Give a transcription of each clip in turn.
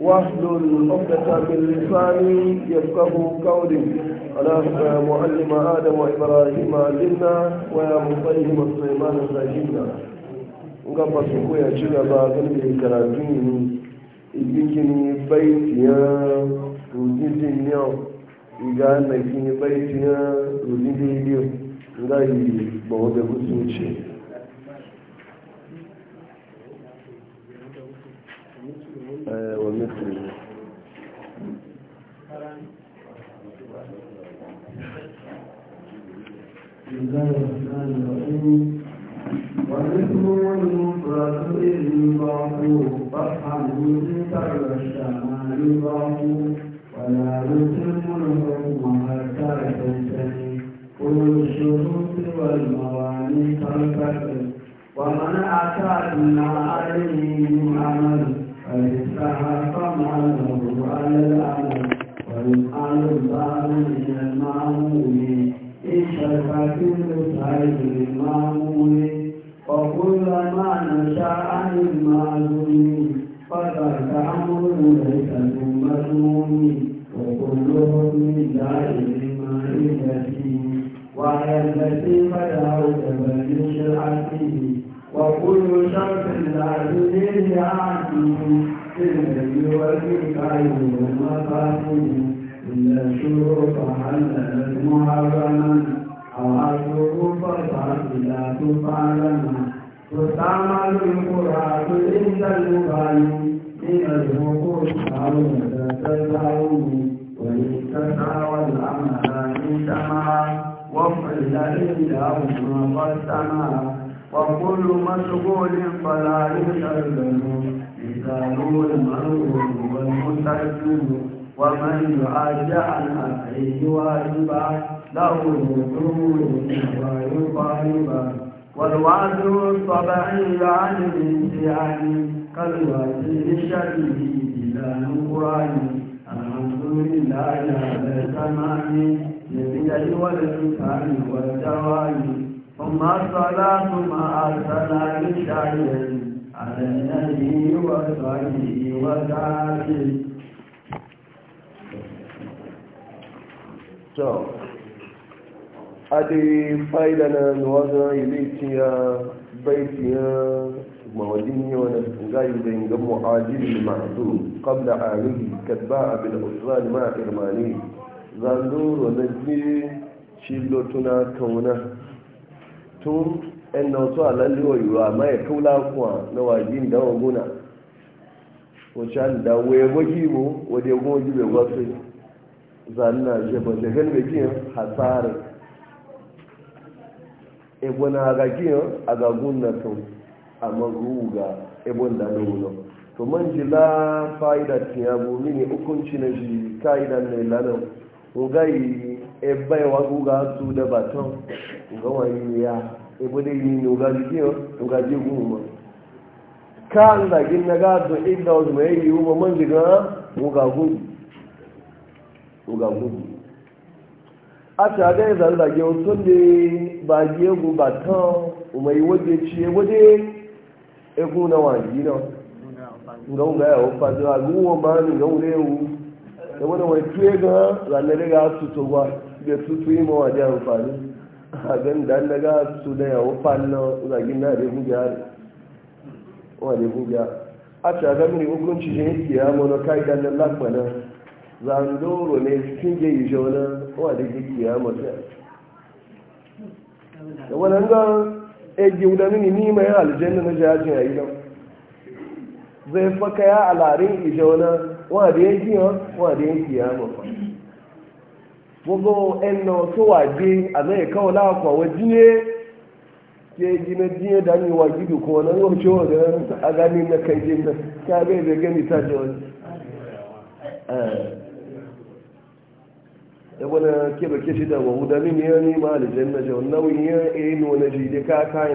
واحلل عقدة من لساني يفقه قولي اللهم يا معلم آدم وإبراهيم علمنا ويا مفهم سليمان فهمنا nga ba su ci gaba gan da karatun igigin baitiyan rudin yau iga na gini baitiyan rudin da yi biyu nga yi ba wadda ce ومثل بسم الله الرحمن الرحيم والاسم والمفرد المضاف فتحا يذكر الشمال يضاف ولا يتم الحكم حتى تنتهي كل الشروط والمواني تنفك ومن اتى بما عليه من عمل فاستحق ماله على العمل ويفعل البعض من المعمول إن شرك كل سعيد وكل ما نشاء المعلوم فذاك أمر ليس ثم بالبر والكتاب والمقاصد إلا شروط حللت أو الظروف الفاصلة تعلم تستعمل القرآن عند المغني من الحقوق أو تتزعم وإن تسعى الأمر اجتمع وفعل إلهما واستمع وكل مشغول فلا يسلم القانون المأمور والمستحكم ومن يعاد عن أمره واجبا له حدود ويطالبا والوعد الطبعي عن الانتعال كالوزير الشديد إلى نقران الحمد لله على تمام للبدع والكتاب والدوام ثم الصلاة مع السلام شعيا على النبي وصحبه وسعده to adi faida na nuwaza iliti ya baiti ya mawajin yi wani zai zai ga mu'ajiri ma'adu kabla alihi kadba abin usman ma zan zo wani ji shi lotuna kauna tun ɗan na wasu alalliwa yiwuwa amma ya kaula kuwa na wajin da waguna wacce an da waya gwaki mu wadda ya goma jibe gwafi zanina shi ba ta gani bikin hasari ebona agakin agagun na to amma ruga ebon da na wulo to man ji la fa'ida tiya bu mini hukunci na shi ka'idan na ilanin rugayi ebe wa guga su da baton ga wani ya ebode yi ni ugaji kiyo ugaji guma kan da gin na gado inda wasu mai yi uba man jiga uga gudu uga gudu a ta ga yi zarda ge wasu ne ba ge gu ba ta umai waje ciye waje egu na wani na nga unga ya ofa zuwa guwa ma ni ga urewu da e wani wani tuye ga zanen ga su to gwa da su tuyi ma wajen amfani hagan da an daga su da yawo fallon zagin gina da buga ne wa da buga a shagar ne hukunci shi yake ya mono kai da nan lakwana zandoro ne sun ge yi shauna wa da ke ya mata da wannan ga egi wuda mini ni mai aljanna na jajin a yi nan zai faka ya alarin ishauna wa da yake wa da yake ya mafa gbogbo ẹnà tó wà gbé amẹ́ríkà wọn láàpọ̀ àwọn jíye ṣe jiná jíye dání wà jíjù kan náà yóò ṣe wọn náà aga ní iná kan jíye gẹ́ni tájọ da wahu da min yana nima alijan na yi nuna shi da ka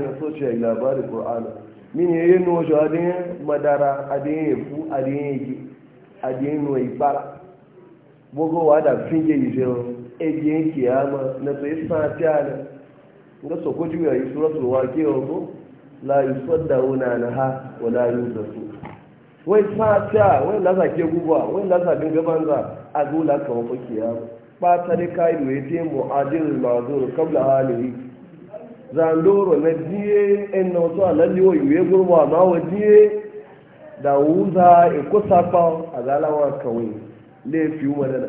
min ya nuna madara adin ya gbogbo wa da finge yijo ejiye ama na to isa nga so ko juya yi la wa la sa ta wai la za ke gugwa wai la za dinga banza a gula wa kiyama ba ta ne kai mu yete mu ajil mazur qabla alihi za ndoro na die en no to alali wo yuye gurwa ma die da wuza e ko agala wa laifi wadana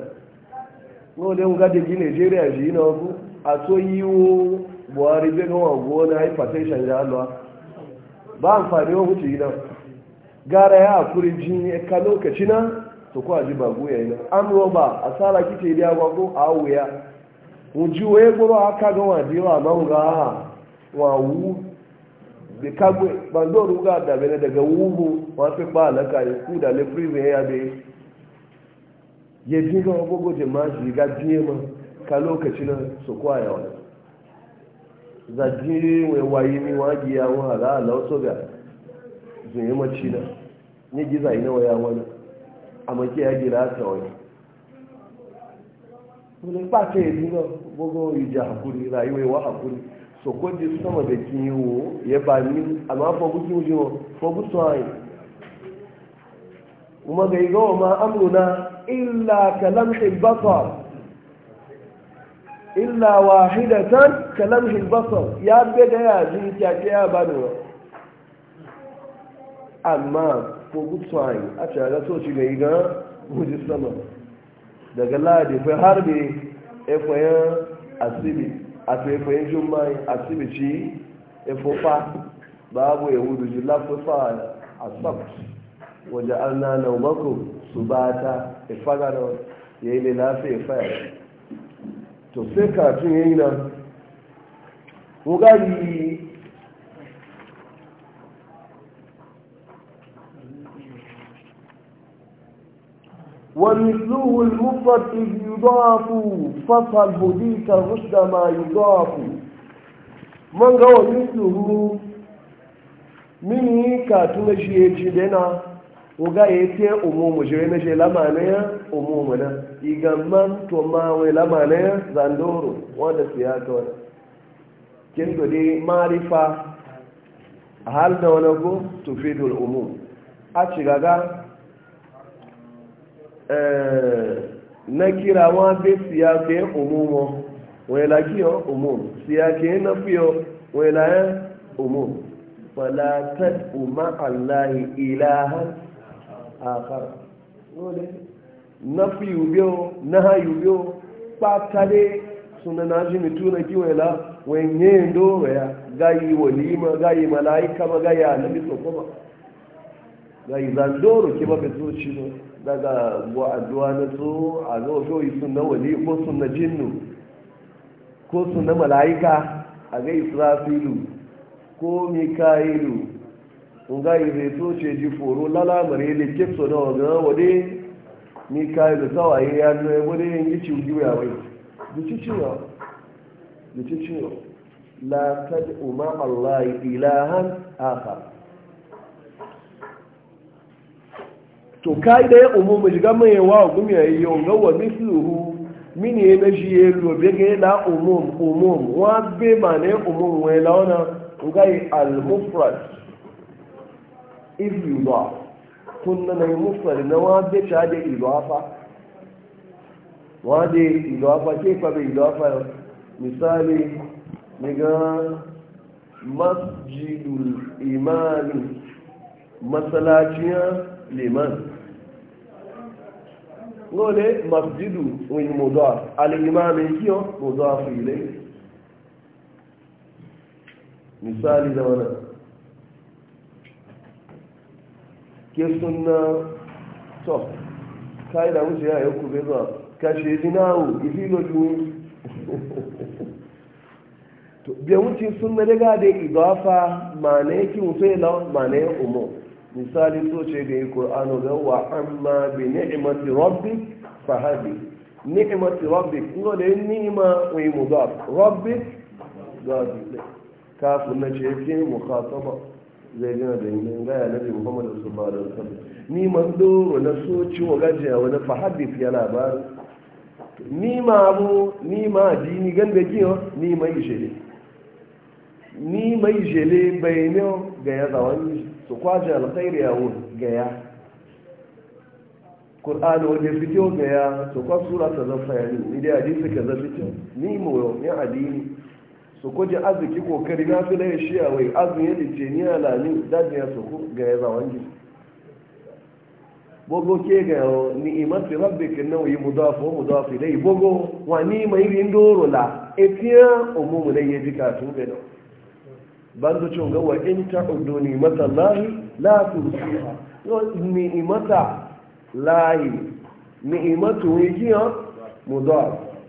wanda yau gada ji nigeria ji yi na wasu a so yi wo buhari bai gawa gona hypertension ya alwa ba amfani wa wuce yi na gara ya akuri ji ka lokaci na to kuwa ji babu ya yi na an roba a tsara kike ya gwago a wuya ya aka ga waje wa wu ga dabe na daga wuhu wasu ba alaka ya ku ya ya ji ga wagogo jama'a ga biye ma ka lokaci na su kwaya wani za ji wai wayi ni wagi ya wa ga Allah so ga zuye maci na ne giza ina waya wani amma ke ya gira ta wani wani ba ta yi na gogo yi ja hakuri rayuwa wa hakuri so ji sama da kiwo ya ba ni amma fa guji wuji wa fa guji wa yi ga yi gawa ma na. illa kalamhil bafa, illa wahidatan kalamhil basar ya be da ya ji kyake ya bani wa amma ko gutsuwayi a tare so shi mai ga wuji sama daga ladi fa harbe efoyan asibi àti ẹ̀fọ́ yẹn tún máa fa báàbò ẹ̀wù dùjú láfẹ́fà àsọ́pt wọ̀jà ifagano ya ile na fi ifaya to sai katun ya yi nan ƙogari wani tsohon mufatti yi zafi fasal budita rushda ma yi zafi man gawa yi tsoro mini katun shi ya ce oga ya ce umumu shi na shi lamana ya umumu na igamman to ma wai lamana ya zandoro wanda su ya ta wani kin dole marifa a hal da wani go to fidul umum a ci gaga eh, na kira wa be siya ke umumu wai la kiyo umum siya ke na fiyo wai la umum fala tad'u ma'a allahi ilahan akhar dole nafi yubiyo naha yubiyo patale suna na ji mitu na kiwela wenye ndo ya gayi walima gayi malaika ma gayi soko sokoma gayi zandoro ke ba bezo shi no daga wa addu'a na so a zo so yi sunna wali ko sunna jinnu ko sunna malaika a gayi israfilu ko mika'ilu nga ibe to ce ji foro lala mare le kepso na ga wade ni kai da tawaye ya no e wade yin ci uji ya wai du ci ci ya du ci ci la tad'u ma allah ilahan akhar to kai da ya umu mu shiga mai wa gumi ya yi ga wa misluhu mini na shi ya lobe ga la umum umum wa be ma ne umum wai launa ngai al mufrad if you ba kunna na mufari na wade ta da idafa wade idafa ke fa bai idafa misali daga masjidul imani masalaciyar liman lóòlé masjidu wani mọ̀dọ́f alìmọ́mí yíò mọ̀dọ́f ilé misali zamanin ke suna to kai da wuce ya yi ku bai zuwa kashe zinawu ifi ihe to bai wuce suna daga da idafa ma na yake mutu ya ma na ya umu misali so ce da yi ƙor'anu ga wa amma bi ni'imati rabbi fahabi ni'imati rabbi kuma da yin ni'ima wai mudaf rabbi ga kafin na ce ke mukhataba zai gina da yin gaya na bi muhammad ba da su ni man doro na so ciwo gajiya wani fahadif ya labarin ni ma abu ni ma ni gan da kiyo ni mai jele ni mai jele bai ne ga ya zawani su kwaje alkhairi ya wuri ga ya qur'ani wanda fito ga ya su kwa sura ta zafa ya ni da hadisi ka zafi ni mu ya adini su kuje arziki kokari na fi laye shi a wai azun yadda ce ni a lalin dajin ya soko ga ya zawon gizo bogo ke ga ni'imatu na wuyi yi mudafu wa mudafu dai bogo wa ni mai rin doro la etiya umumu dai ji ka tun ga banzo cin ga wa in ta'udu ni'mata ni la tuhsuha yo ni'mata lahi ni'matu yi ya mudafu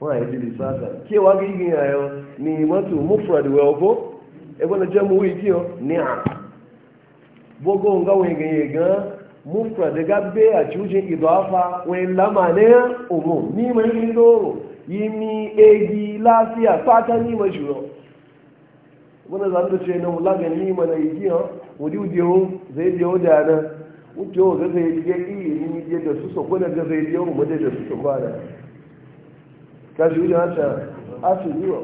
wọ́n àyè ti di sáàtà kí ẹ wá bí ni ayọ ní mọ́tò mufrad wẹ̀ ọ̀bọ na náà jẹ́ mú wí kí ọ ní à gbogbo nǹkan wọ̀nyí gẹ̀yẹ̀ gan mufrad gá gbé àtúnṣe ìdọ̀ afa wọ̀nyí lámà ní òmò ní ìmọ̀ ní lóòrò yìí ní egi láàfíà pátá ní ìmọ̀ jùlọ náà ṣe ní ìmọ̀ náà òdi òdi ó zèé di ó dáná ó gẹ́gẹ́ yìí kashi wujen hata afi yiwa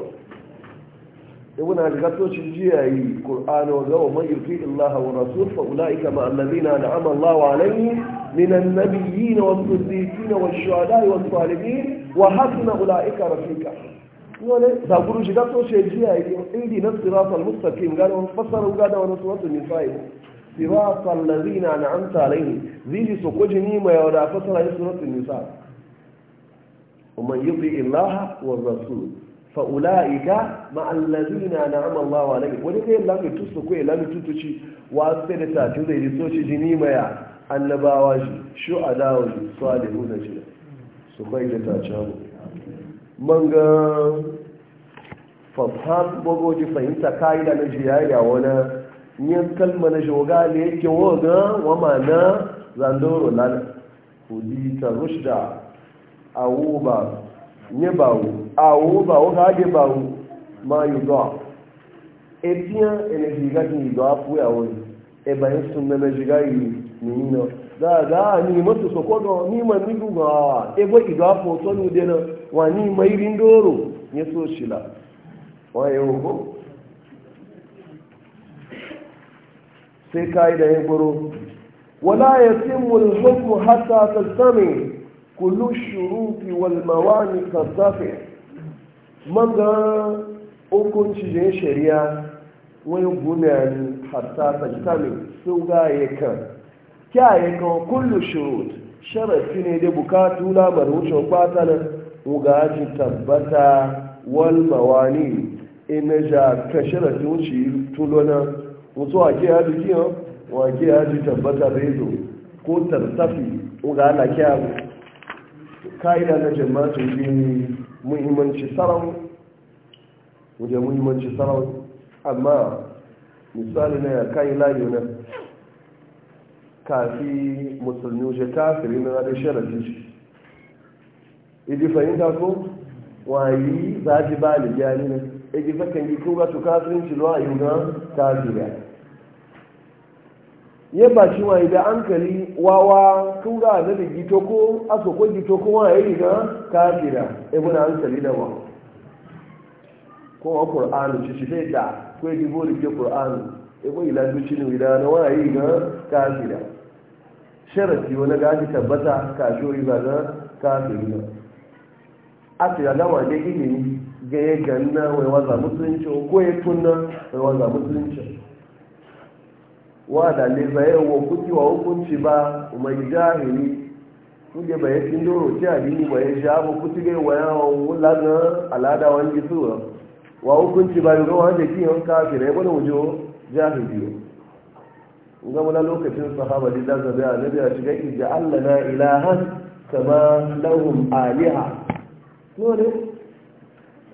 ibn al-gatoci jiya yi qur'ano ga wa man yuti illaha wa rasul fa ulaika ma alladhina an'ama Allahu alayhim min an-nabiyyin was-siddiqin wash-shuhada'i was-salihin wa hasuna ulaika rafiqa wala da guru shiga to ce jiya yi indi na siratal mustaqim ga wannan fasara ga da wannan suratul nisa'i siratal ladina an'amta alayhim ziji sokojini mai wada fasara suratul nisa'i ومن يطع الله والرسول فاولئك مع الذين انعم الله عليهم ولذي لم تسكو لم تتشي واسد ساعه زي سوشي جني ميا annabawa shi shu a dawo shi su a dehu da shi su kai da ta cewa manga fasahar gogoji fahimta ka'ida na jiyayya wani yin kalma na shoga ne yake wa ga wama na zandoro na hudita rushda awu ba nye bawu awu ma yudo a. etia ene jiga ti yu apu ya wo e ba yin na jiga yi ni no da ni soko ni ma ni du e bo yu apu to ni de na wa ni ma iri ndoro nye so shila wa e wo sai kai da ya goro wala yatimul hukmu hatta tastami kullu shuruti wal mawani kazafe manga okun cijin shari'a wani guna ni hatta tsakitami sun ga ya kan kya ya kan kullu shurut sharafi ne da bukatu lamar wucin fatanin ugaji tabbata wal mawani in ja ka sharafi wuce tulona wasu wake ya ji kiyan wake ya ji tabbata bai zo ko tartafi ugana kyawun ka'ida na jama'atu bin muhimmanci sarau wajen muhimmanci sarau amma misali na ya kayi layu na kafi musulmi wuce kafiri na da sharafi shi idi fahimta ko wayi za ji ba ligya ne na idi fakan yi kuga tu kafirin ci zuwa yi na kafiriya ye ba shi wa idan ankali wawa kun ga da da gito ko aso ko gito ko wa yayi ga kafira ibn e ankali da wa ko qur'anu shi shi da ko yi bori ke qur'anu ibn e ila shi ne da na wa yayi ga kafira sharati wala ga ji tabbata ka shori ba ga kafira ti da wa da ilimi ga ya ganna wai waza musulunci ko ya tunna wai waza musulunci wada lezaye wa kuki wa hukunci ba mai jahili kuje ba ya cin doro ci adini ba ya sha ba kuti gai wa yawon wula na alada wani gisuwa wa hukunci ba yi gawa da kiyon kafin ya bane wujo jahili ga lokacin sahaba da za zabe a nabi shiga ija allah na ilahan kama lahum aliha nore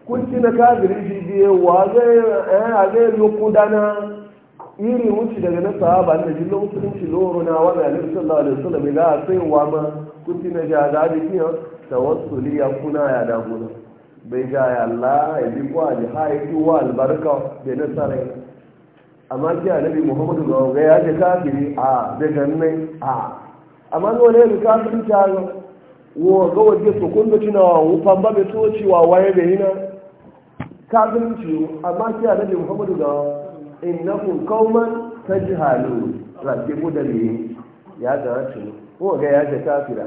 kun na kafin shi biye wa zai eh, yi zai lokudana iri wuce daga na sahaba da jillo musulunci loro na wani alaihi sallallahu alaihi wasallam ga sai wa ma kuti na ga da bi kiyo tawassuli ya kuna ya da gona bai ga ya Allah ya bi kwa ji hayi wa albarka da na sare amma ki annabi Muhammadu ga ga ya ji kafiri a daga ne a amma no ne kafiri ta wo ga waje su kun da cina wa ufan ba be toci wa waye be hina ci amma ki annabi Muhammadu ga innahum qauman tajhalun rabbi budali ya da rashin ko ga ya da kafira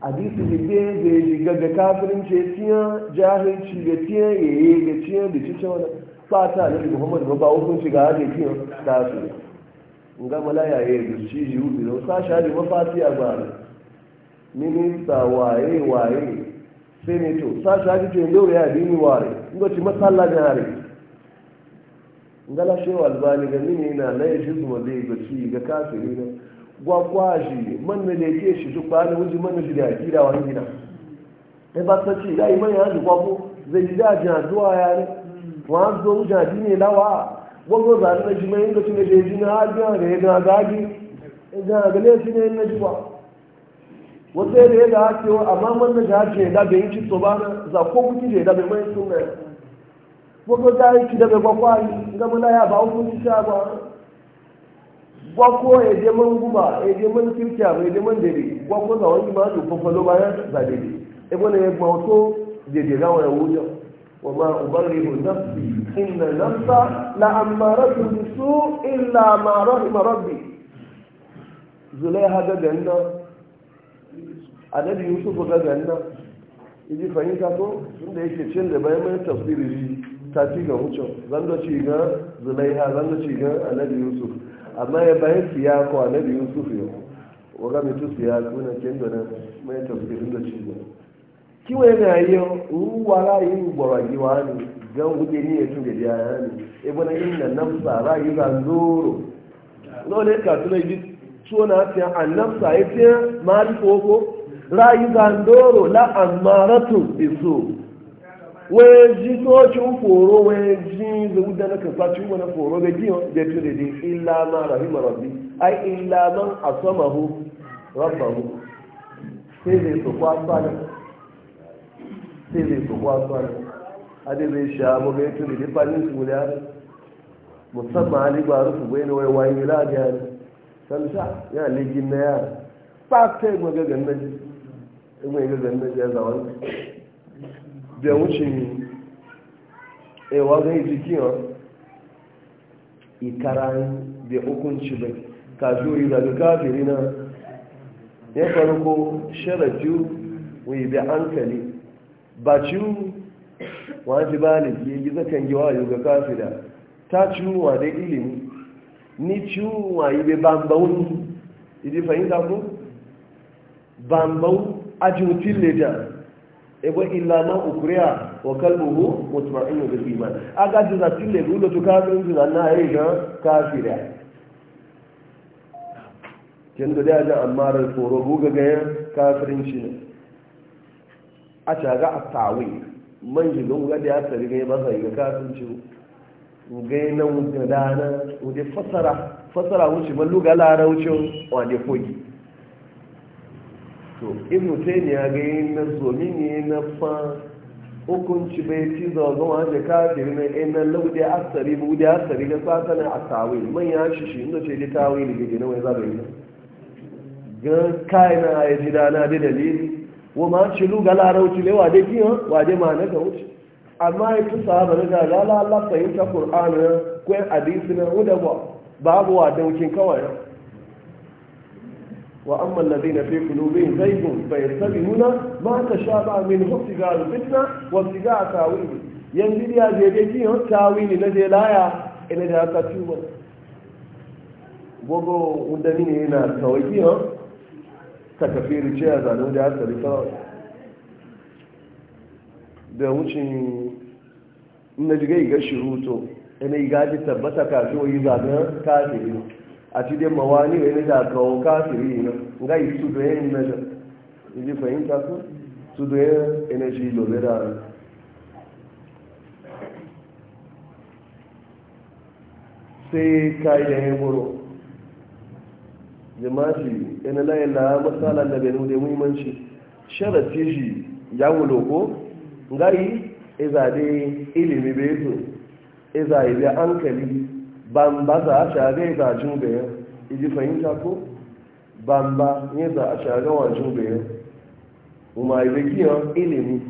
hadisi ne be be diga ga kafirin ce tiya jahilci ga tiya yeye ga tiya da cikin wani fata da Muhammad ba ba hukunci ga hadisi tiya kafir nga mala ya yi da shi ji ubi no sa sha da mafati a gwara minista waye waye senator sa sha ji ce yau ya dini ware ngoti masalla jare ngala shewa albani ga mini na na ya shi zuwa zai ga ci ga kafiri na gwagwa shi man na ne ke shi duk bani wuji man na shi da akida wani gida ai ba ta ci dai man ya ji gwagwo zai ji da jina zuwa ya ne wa zo wuja ji ne lawa gwagwo za ta ji mai inda tuna da ji na hajiya da ya ga gaji ga ga ne shi ne na ji ba wata da ya ga hakewa amma man na ji hajiya da bai yi ci so ba na za ko kuki da ya da bai mai sun na gbogbo dárí kí lẹ́bẹ̀ gbọ́kọ́ àyè gbẹ́mọ́láyà bá ń fún iṣẹ́ àgbà gbọ́kọ́ èdè mọ́ ń èdè mọ́ ń èdè mọ́ ń gbọ́kọ́ náà wọ́n yìí máa lò fọ́fọ́ ló máa ń gbà dèrè ẹgbẹ́ náà ẹgbọ́n tó dèrè láwọn ẹ̀wọ́ yọ wọ́n máa ń bá rí ìhùn ìnà náfà la àmàrà tuntun sú ìlà àmàrà ìmàrọ̀bì zulaiha gẹ́gẹ́ ńná anabi yusuf gẹ́gẹ́ ńná ìdí fàyín kakó ń da yake cin da bayan mai tafsiri ta ci ga zan zando ci ga zulaiha zando ci ga annabi yusuf amma ya bayan siya ko annabi yusuf yau waga tusu ya kuna da na mai tafsirin da ci ga kiwa yana yi ruwa ra'ayin gwaragiwa ne gan wuce ni ya tun da yaya ne ibina e inna nafsa ra'ayi zanzoro lole ka tuna yi suna fiye annabsa ya fiye ra yi ga ndoro la amaratun bisu wee ji tochi foro wee ji zewuda na kakwaci wani foro ga jiyo da tuni da illa ma rahima rabbi ai asamahu rabbahu sai zai su kwasa da sha ga tuni da fanin su musamman ali ba rufu bai ne wai wani ya ligin na yara ba sai gwagagan nan bí ẹwọ́n ṣe ní ẹwà gan ìjìkí hàn ìkara bí okun bai kafin yi daga kafiri na ya farko sharatiu wai bi hankali ba ciwu wani baliki ya gizo kan giwa yau ga kafira ta ciwuwa da ilimi ni ciwuwa yi bai ìdí idi fahimta ku bambawun lè tilleja ebo illa man ukuriya wa kalbuhu mutma'inu bil iman aga ju jiza tile lo to kafin jiza na ayi e ga kafira kin da da amma ran tsoro buga ga ga kafirin shi ne a ta ga atawi man ji don ga da ya tsari ga ba sai ga kafirin shi ga nan da dana da fasara fasara wuce ban luga lara wa ne fogi to ibn taymiya ga yin na zomini na fa hukunci bai ci zagon da kafiri na yin na lauɗe asari da asari ga satanin a tawil man ya shi shi inda ce da tawil da na wai zaba yi ga kayan a yi ji dana da dalili wa ma ci luga larauci ne wade wa wade ma na ga wuce amma ya fi sahaba na ga lalata Allah ta Kur'an na kwen hadisi na wuda ba babu wa daukin kawai وأما الذين في قلوبهم ba فيتبعون ما تشابه منه ابتغاء الفتنة وابتغاء تاويله ينزل يا زيدي تاويل نجي لا يا إلى ذا كتوبة gogo wanda mini yana kawaki ha ta kafi rice a zanen da aka rika da wucin na jiga iga shiruto ina iga ji tabbata kafin yi zanen kafin a de dai mawani wani da kawo yi na ga yi su da yin na ji fahimta su su da yin energy lobe da sai kayan yin wuro jama'ashi ina layin la matsala na benin da muhimmanci sharafi shi ya wulo ko gari izade ilimi bezo izaye bi ankali. bamba za a share ga jumbe iji fahimta ko bamba ne za a share wa jumbe kuma ibe kiyan ilimi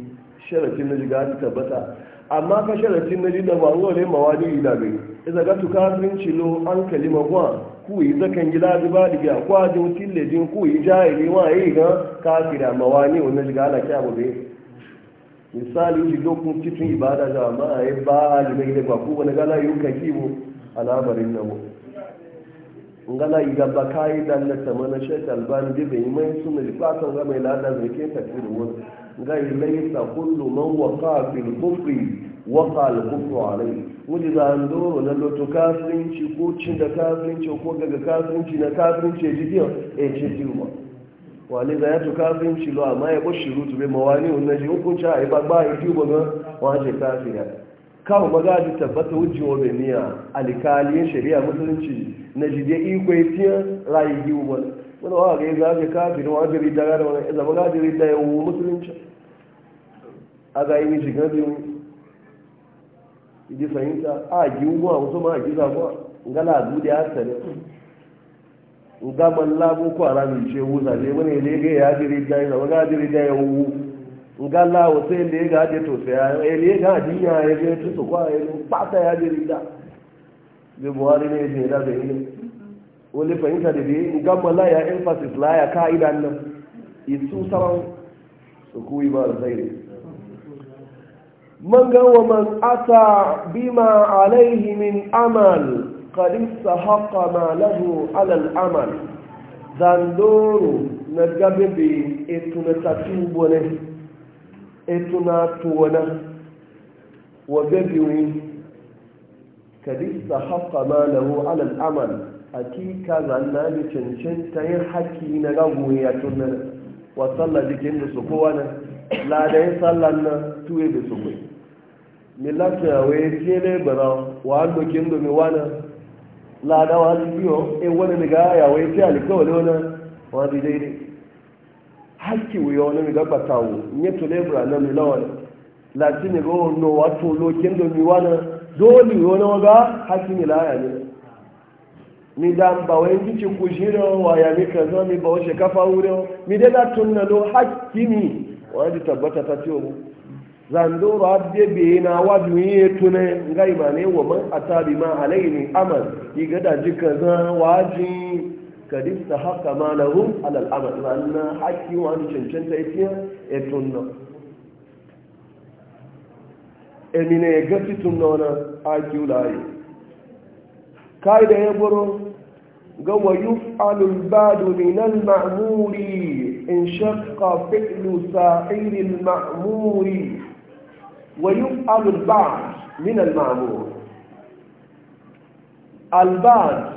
sharafin na jiga ta tabbata amma ka sharafin na jiga ba ngole mawadi idabe iza ga tuka bin cilo an kalima kwa ku yi zakan gida bi ba diga kwa jin tille jin ku yi jahili wa yi ga kafira mawani wannan jiga ala kyabu be misali ji dokun cikin ibada jama'a ya ba alimai da ba ku wani gala yukan kibo al'amarin namo ngala yi gaba kayi da na tama na shek albani da bai mai suna da fatan ga mai ke tafi da wani ga yi sa kullu man waqa fil kufri waqa al kufru alai wani da an doro na loto kafirinci ko cin da kafirinci ko daga kafirinci na kafirinci ya ji biyan e ce tiwa wani da ya to kafirinci lo amma ya bo shirutu bai mawani wannan ji hukunci a ibagba ya tiwa ga wajen kafira kawo magaji tabbata wujin wabe niya alikaliyar shari'a musulunci na jide ikwe na rayu giwu ọ wani wa ga yi zaje kafin wa jiri da gada wani zama ga da yawo musulunci a ga yi mishi fahimta a giwu ma wasu ma a giza da ya nga man labo ara ce wuza ne wani ga ya jiri ya zama ya nga la o se le ga de to se e le ga di ya e ge to so kwa e pa ta ya de rida be buhari ne je da de ni o le fahimta de bi nga la ya emphasis la ya kaida nan isu saran su ku ba zaire man ga wa man ata bima alaihi min amal qad istahaqa ma lahu ala al amal zandoro na gabe bi etu na tatu bone etuna tuwana wa gabiwi kadista haka ma lahu alal amal hakika zanna da bi ta yin haƙƙi na gagoyi a tunan wa sallah jikin da su kowa nan ladayin sallan na tuwe da su kai milata waye kele bara wa dokin domin wani ladawa su biyo e wani daga ya waye fi alkawali wani wani daidai haki wuyo na mi gaba tawo nye to lebra na mi lawan latini go no wato lo kendo mi wana dole wuyo na waga haki mi laya ne mi da ba wai kici kujiro wa ya mi kazo mi ba wace kafa wuro mi dai da tunna lo haki mi wani tabbata ta ciwo mu zandoro abde be na wadu ye tune ngai ma ne wa man atabi ma alaini amal iga da jika zan waji kadin ta haka ma alal amal alal'amal ba na haƙi wani cancanta ya fiye ya tunna emine ya gafi tunna wani haƙi wulaye kai da ya buru ga wa yi alulbadu minan ma'amuri in shakka fi'lu sa'irin ma'amuri wa yi alulbadu minal ma'amuri albadu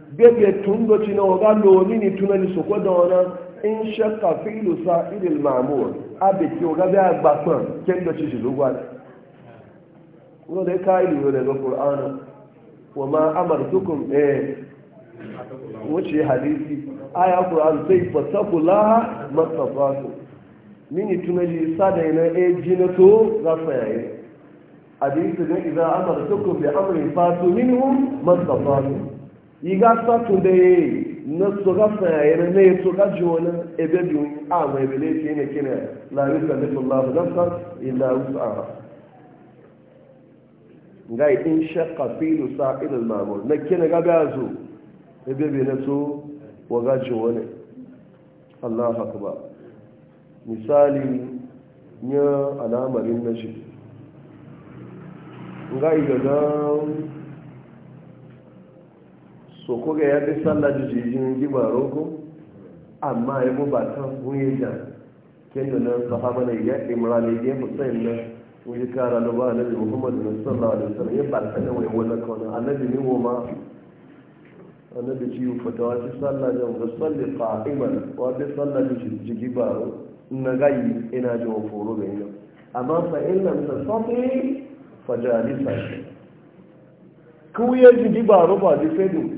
bebe tundoci na waga lomini tunani soko da in shakka filu sa ilil mamur abe ki waga bai agbakon kendoci shi lugwa ne wani da ya kayi liyo daga ƙur'anu wa ma amartukum eh hadisi aya ƙur'an sai fasakula masafatu mini tunani sada yana eji na to iga saturday na tsoga tsayayyar na ya tsoga ji wani ebe biyu a mai bele ke ne kina larisa da sallahu nafsa ila wasa ga in shakka filu sa'il al-mamur na kina ga ga zo ebe biyu na so wa ga ji wani Allah akbar misali ya alamarin na shi ga ga so ko ga ya bi sallah da jijin giba rogo amma ya bu ta. hunye da kendo na sahaba na ya imran ya husain na wani kara na ba annabi muhammad na sallallahu alaihi wasallam ya batan da wai wannan kauna annabi ne wo ma annabi ci fatawa ci sallah da ga salli qa'iman wa bi sallah da jijin baro na gayi ina jin foro ga ina amma fa in lam tasati fajalisa kuye jigi baro ba di fedu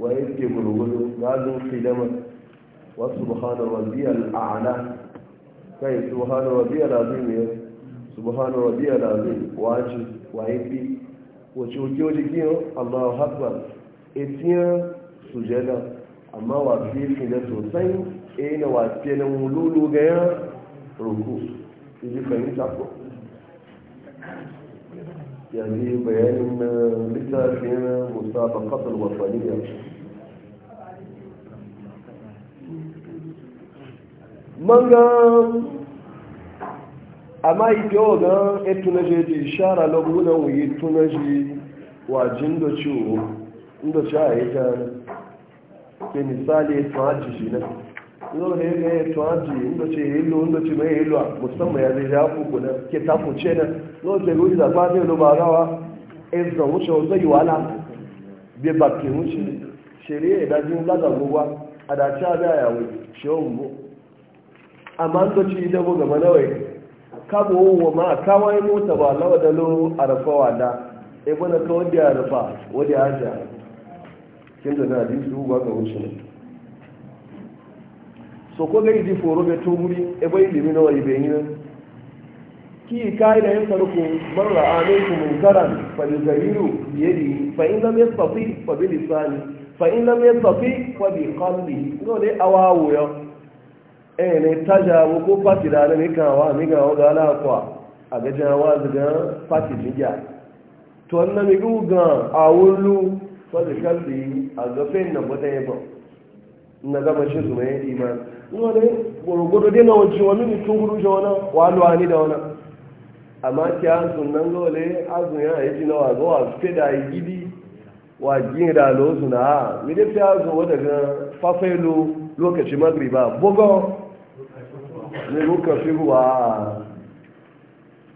ويجي بالغلو قالوا خدمة وسبحان ربي الأعلى كي سبحان ربي العظيم سبحان ربي العظيم واجب وعيدي وشوكي وجيكيو الله أكبر إتيان سجدة أما وفي خدمة سين إين وفي نمولو لغير ركوب إذا فهمت أكبر يعني بيان لسه فينا مسابقة الوطنية من أما shara إتنجي دي إشارة لبونا ويتنجي وجندو شو ndo shaye ta ke misali tuwaji shi na zo ne ne tuwaji ndo ce ilu ndo ce mai ilu musamman ya zai ya kuku na ke tafuce na lóòtẹ̀ lórí ìdàgbà ní olóba ara wa ẹ̀sùn òun ṣe ọjọ́ da bí bàkì ń ṣe ṣeré ìdájú látàgbó wa àdàtí abẹ́ àyàwó ṣe ó ń bọ̀ a ń tọ́jú ìdẹ́gbò gàmọ́ náà ẹ̀ owó máa káwọn ẹni tàbà láwọ̀dá ló àràfà wà ẹgbọ́n náà ó dé àjà kí ki da yanfarku man ra'a minkum munkaran falyughayyirhu bi yadihi fa in lam yastati fa bi lisani fa in lam yastati fa bi qalbi ngole awawo yo eh ne taja mu ko pati da ne kawa mi ga ga la kwa a ga to fa a ba na shi su mai iman ngole gorogodo dai wajen wani mutum guru jona wani wani da wani amma ki azun nan gole azun yana yi jina wa ga wa fi da gidi wa gini da lozu na ha mi dai fi azun wadda ga fafelo lokaci magriba bugon ne ruka fi wa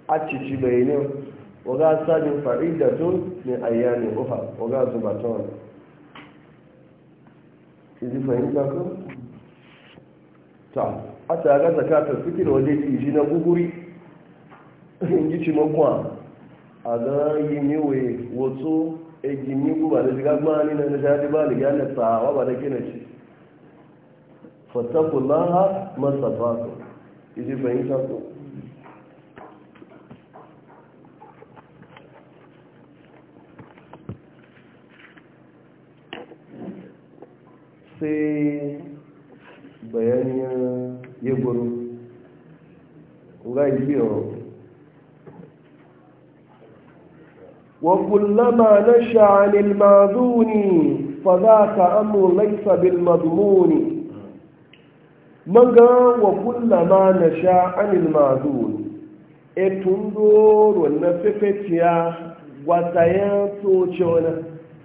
a cici bai ne waga sadin fa'idatun ne ayyamin uha waga zubaton izi fahimta ko ta a ta ga zakatar fikir wanda ke ji na guguri ngici makwa a ga yi niwe wato e gini guba da shiga gbani na na shaɗi ba da gyana tsawa ba da kina ci fatakullaha masafatu iji fahimta ko sai وكلما نشا عن الماذون فذاك امر ليس بالمضمون مغا وكلما نشا عن الماذون etundoro na fefetiya gwatayen toce wani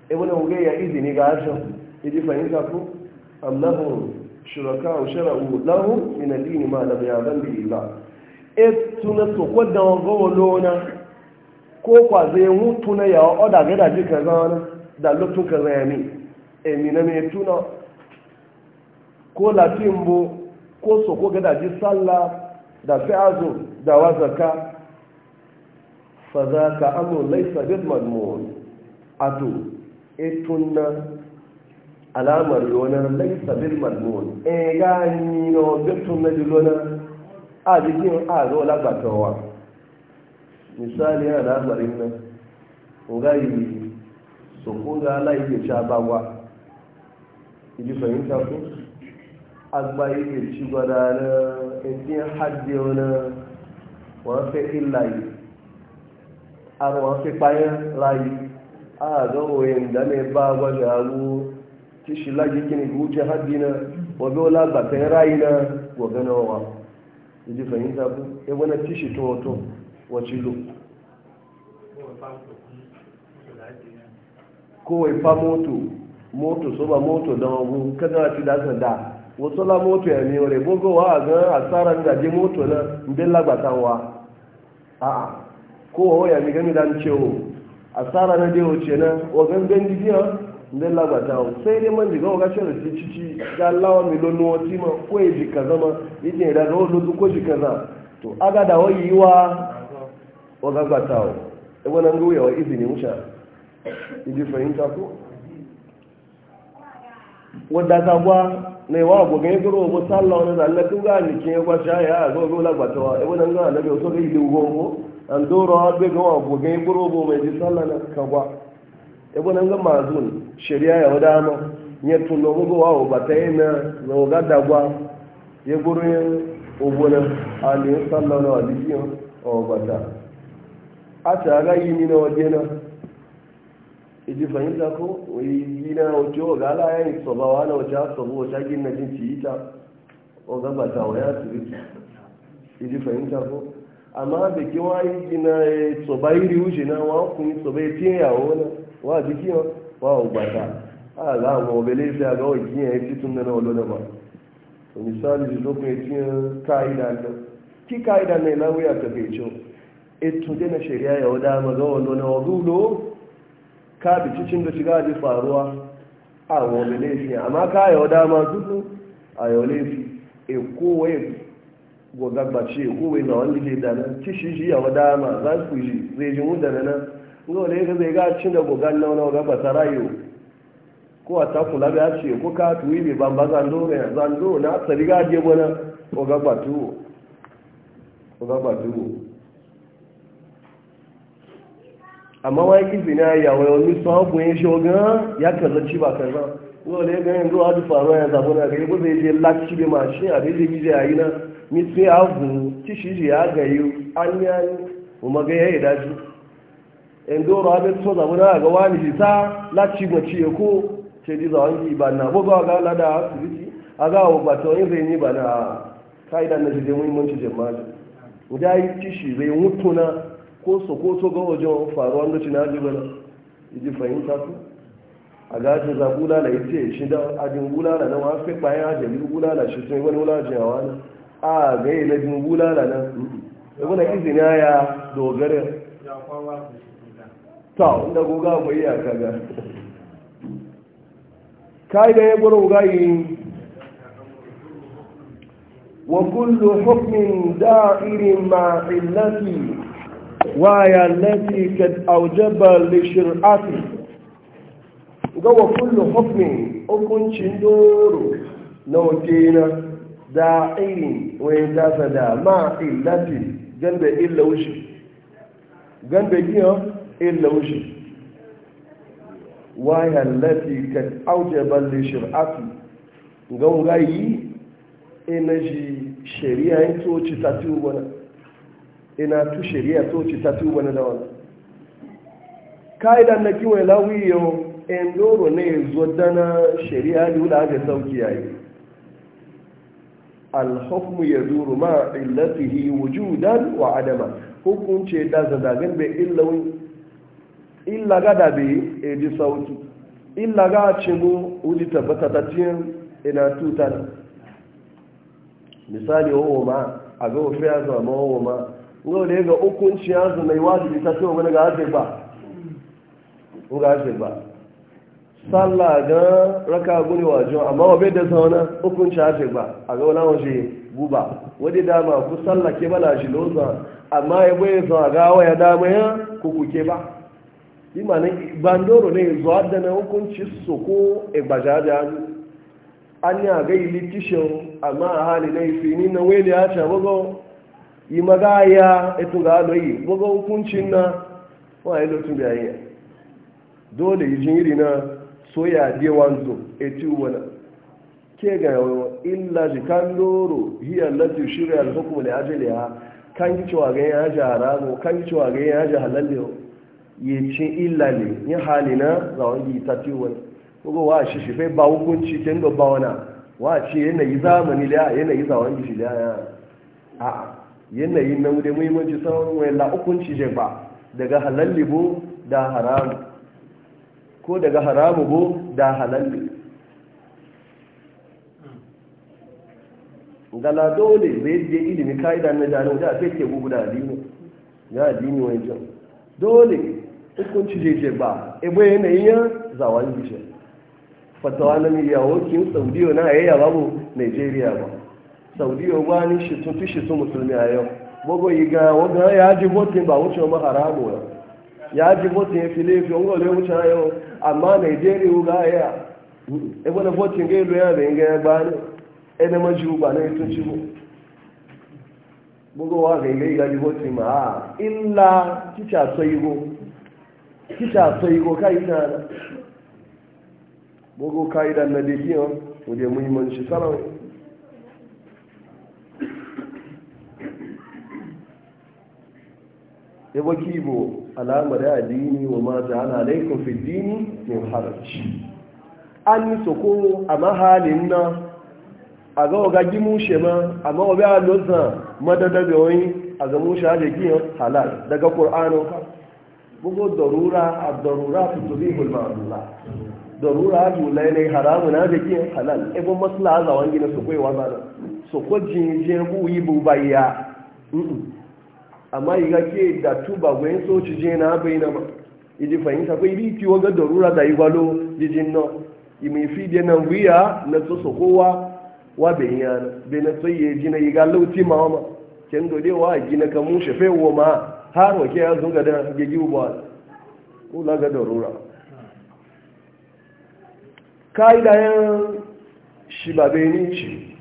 ibn uge ya izini ga ashin idi fahimta ku annahum shuraka shara'u lahum min ad-din ma lam ya'zan bihi Allah etuna to kodan gowolona ko kwa zai mutu na yawa o da gada ji kaza wani da lokacin kaza ya e ne emi na mai tuna ko latin bo ko so ko gada ji sallah da fi'azo da wazaka fa za ka amur laisa bil madmun ato etun na alamar yona laisa bil madmun e ga ni no betun na dilona a jikin a zo lagbatawa misali ya na-agbari na al'amarin nan ugayi so ko ga ala yake ca bagwa ji fahimta ko agba yake ci na ɗin hajji wani wọ́n fẹ́ ìlàyé ara wọ́n fẹ́ páyán láyé àádọ́wò ìdámẹ́ bá gbọ́dọ̀ àwọ tíṣì láyé kí ni gúújẹ hajjina wọ́n bí ó lágbàtẹ́ ráyé náà wọ̀gánà wà ìdí fẹ̀yìntàkú na wacilo kowai fa moto moto so moto don ogun kada ci da sanda wasu la moto ya ne wale gbogbo wa a gan asara da je moto na ndin a kowa ya mi gami da cewo asara na dewo ce na ndin sai dai man jiga waga shirin ci ci da lawa mi lonu wati ma ko jika zama yake da ga wani ko jika za to aga da wayi wa wagagbatawo ebona ya wa izini musha iji fahimta ku. wadda ta gwa na yawa agogon ya goro wani na ga ya gwa sha ya ga obi lagbatawa ebona nguya na bai so ga ili ugongo an doro ha bai gawa agogon ya goro obo mai ji salla na kagwa ebe nga mazun shari'a ya wada ama ya tuno wa obata yi na na dagwa na a ne na wa bikin ata agaghị imi na ọdị iji fahimta ko yi na oce oga ala ya yi sobawa na oce asobu oce gị na jin ci ita oga bata wa ya siri iji fahimta ko amma da ke wa yi gina soba iri wuce na wa kun soba ya tiye ya wani wa jiki ya wa gbata a ga ma obele fi aga oji ya fi tun na olo na ba misali da zo kun ya tiye ka'ida na ki ka'ida na ilawu ya tafi cewa ito na shirya ya dama maga wano na wadulo ka bi cikin da shiga ji faruwa a wani laifi amma ka ya wada ma dudu a yau laifi e kowai gwagagba ce kowai na wani ke da nan ci shi shi ya wada ma za su ji zai ji mu da nan ga ne ka zai ga cin da gogan na wani gogagba ta rayu ko a takula ga ce ko ka tuwi mai bamba zando mai zando na tsari ga je wani gogagba tuwo gogagba tuwo amma wai izina ya wai wani sabu ya shi ogan ya kaza ci ba kaza wani ya ganin ruwa duk faruwa ya zafi na gari kusa ya je lati bi mashin a bai zai ya yi na mi sai a hu ci shi shi ya gayi an ya ni kuma ga ya yi dashi in doro abin so zafi na ga wani shi ta lati mace ya ko ce ji zawon ki ba na bugawa ga lada asibiti a ga ba ta wani zai yi ba na ka'idan na shi zai muhimmanci jama'a. Guda yi ci shi zai mutuna ko koto ga wajen faruwa da na ji bana ji fahimta ku a gajin za bulala ya ce shi da ajin bulala na wasu fi bayan ajali bulala shi sun wani wula jiyawa na a ga yi na jin bulala na da wani izini ya dogara ta inda goga bai ya kaga kai da ya gwada wugayi wa kullu hukmin da'irin ma'illati waya lati kad aujaba li shir'ati ga wa kullu hukmin hukuncin doro na wakina da aini wa yanda sa da ma illati ganda illa wushi ganda giyo illa wushi waya lati kad aujaba li shir'ati ga wa yi inaji shari'a yin toci tattoo wani ina tu shari'a to ci ta tuba na da ka'idan na kiwon lawiyo in doro ne zo dana shari'a da wula ga sauki yayi alhukmu ya zuru ma illatihi wujudan wa adama hukunce da zadagen bai illawin illa ga da bai eji sauki illa ga cimu wuji tabbata ta cikin ina tutar misali wa ma a ga ofe ya zama wa ma nga ga hukunci yanzu mai wajibi ta ce wani ga aje ba ga aje ba sallah ga raka guni wajen amma wa bai da sauna hukunci aje ba a buba. wani waje guba wani dama ku sallah ke bala shi loza amma ya bai sa ga waya dama ya kuku ke ba imanin bandoro ne zuwa da na hukunci su ko egbajaja an yi a ga ili tishin amma a hali na ifi ni na wele ya ce bugo yi ya eto ga alo yi gbogbo hukuncin na wani lokacin da yayi dole yi na soya de wanzo eti wala ke ga illa kan loro hiya lati shirya al-hukm li ajliha kan gi cewa ga ya jara go kan gi cewa ga ya halalle yi cin illa ne wani gbogbo wa shi shi ba hukunci wa zamani zawon gishi yanayin na da muhimmanci sauran wai la'ukunci je ba daga halalli bo da haramu ko daga haramu bo da halalli gala dole zai je ilimi ka'ida na jani wajen a fake gugu da adini ya adini wani jan dole hukunci je je ba ebe yanayin ya zawon bishe fatawa na miliyawokin saudiyo na yayya babu nigeria ba saudiya ba ni shi tun shi musulmi a yau gbogbo yi ga ya ji votin ba wuce ma haramu ya ya ji votin ya fili fi wani wale wuce a yau amma nigeria ga ya ebe na votin ga ilu ya da inga ya ene ma ji na ci mu gbogbo wa ga iga ji votin ma ah, a illa kicha so kicha so ka na gbogbo ka na dekiyan wuje muhimmanci yabo kibo alamar addini wa ma ana alaikum fi dini min haraj an yi soko a mahalin na a ga oga gimu she ma a ma obi a lozan madada da wani a ga mushe a jikin halal daga ƙur'anin ka bugu darura a darura su tobi hulma'adula darura julai ne haramu na jikin halal ibon masu la'azawan gina su kwaiwa zana so ko jinjin bu yi amma yi gake da tuba gwayin soci je na bai na ma iji fahimta ko ibi ti waga darura da igwalo gwalo jijin no imi fi de na wiya na so so kowa wa be yana be na so ye jina yi ga lauti ma ma ken do de wa gina ka mu shefe wo ma har wa ke ya zunga da gegi uba ko la ga darura kai da yan shibabeni ci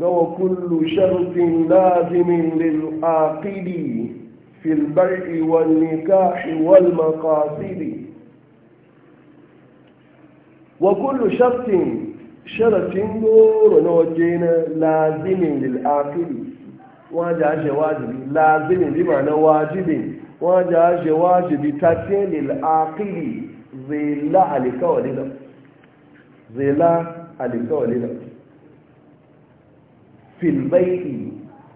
وكل شرط لازم للعاقل في البيع والنكاح والمقاصد وكل شرط شرط نور نوجينا لازم للعاقل واجه واجب لازم بمعنى واجب واجه واجب تكين للعاقل زي عليك ولنا زي عليك ولنا filbaiki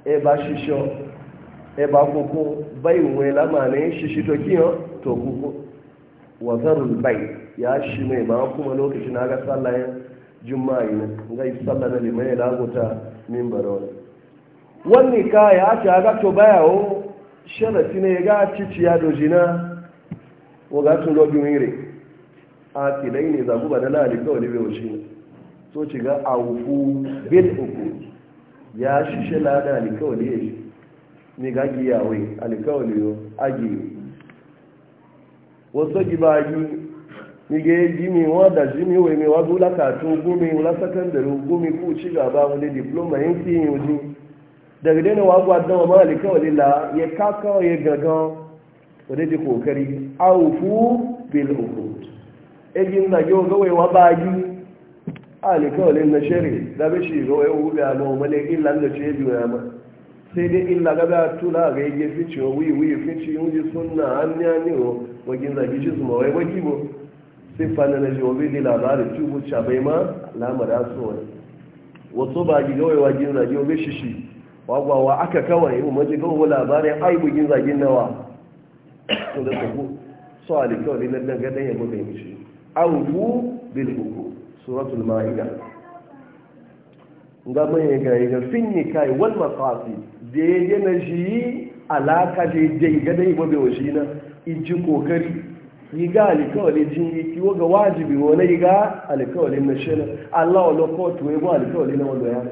e ṣiṣọ e kókó bai wọn lámà ní ṣiṣi tó kíyàn tó kókó wazarul bai ya shi mai ma kuma lokacin na ga ga yi na limai laguta min baro wani ka ya ce ga to o ga cici na ga a ne na lalika wani so ga awufu ya shishe lada alikawali ya shi ni gagi yawe alikawali yo agi wasu giba agi ni ga yi mi wa da shi mi wai mi wa gula kato gumi wula sakandare gumi ku ci gaba wani diploma yin fi yin uji daga dai wa gwa dan ma alikawali la ya kaka ya gaga, wani di kokari awufu bil uhud egin na yau gawai wa ba agi Ali alikawalin na shari da bai shi zo ya wuri a mawa male illa da ce ya ma sai dai illa ga da tula ga yake fici wa wuyi wuyi fici yin ji suna hannu ya ne wa wagin zagi shi su ma wai wagi bo sai fana na ji wabi da labarin tubu bai ma lamar aso wani wasu ba gi gawai wagin zagi wabi shi shi wagwawa aka kawai yi umarci kawai labarin ai bugin zagin nawa to da su ku so alikawalin na dangadan ya gobe shi. an bu, bil suratul ma'ida ga mai ga ga finni kai wal maqasi daidai na shi alaka daidai ga dai babe wa shi na iji kokari yi ga alikawali jin yi ki ga wajibi wani yi ga alikawali na shi na allah wa lokotu ya bu alikawali na wanda ya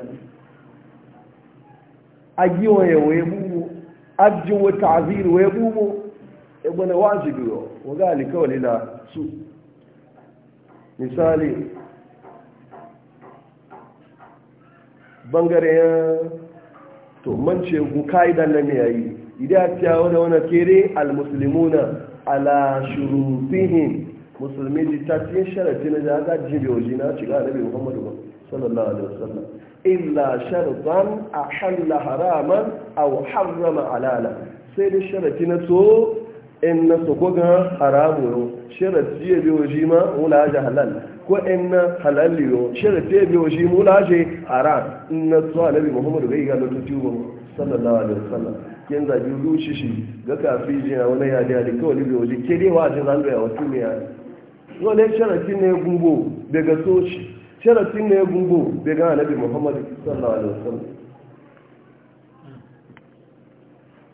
agiwa ya waye bubu ajin wa ta'zir waye bubu ya e bana wajibi wa ga alikawali na su misali bangaren to mance gu ka'idan nan ya yi idan ta wani wani kere almusulmuna ala shurutihim musulmi ji ta cikin sharafi na jaga jibe waje na shiga nabi muhammadu ba sallallahu alaihi wasallam illa sharfan a halla haraman a harrama alala sai da sharafi na so in na so ko ga sharafi ya bi waje ma wula halal ko in na halalli yo sharafe biyo shi mula shi haram in na so annabi muhammadu bai ga lokaci ba sallallahu alaihi wasallam kin da biyu shi shi ga kafi je na wani yadi yadi kawai biyo shi ke dai waje zan da wasu ne ya wala sharafi ne gumbo daga so shi sharafi ne gumbo daga annabi muhammadu sallallahu alaihi wasallam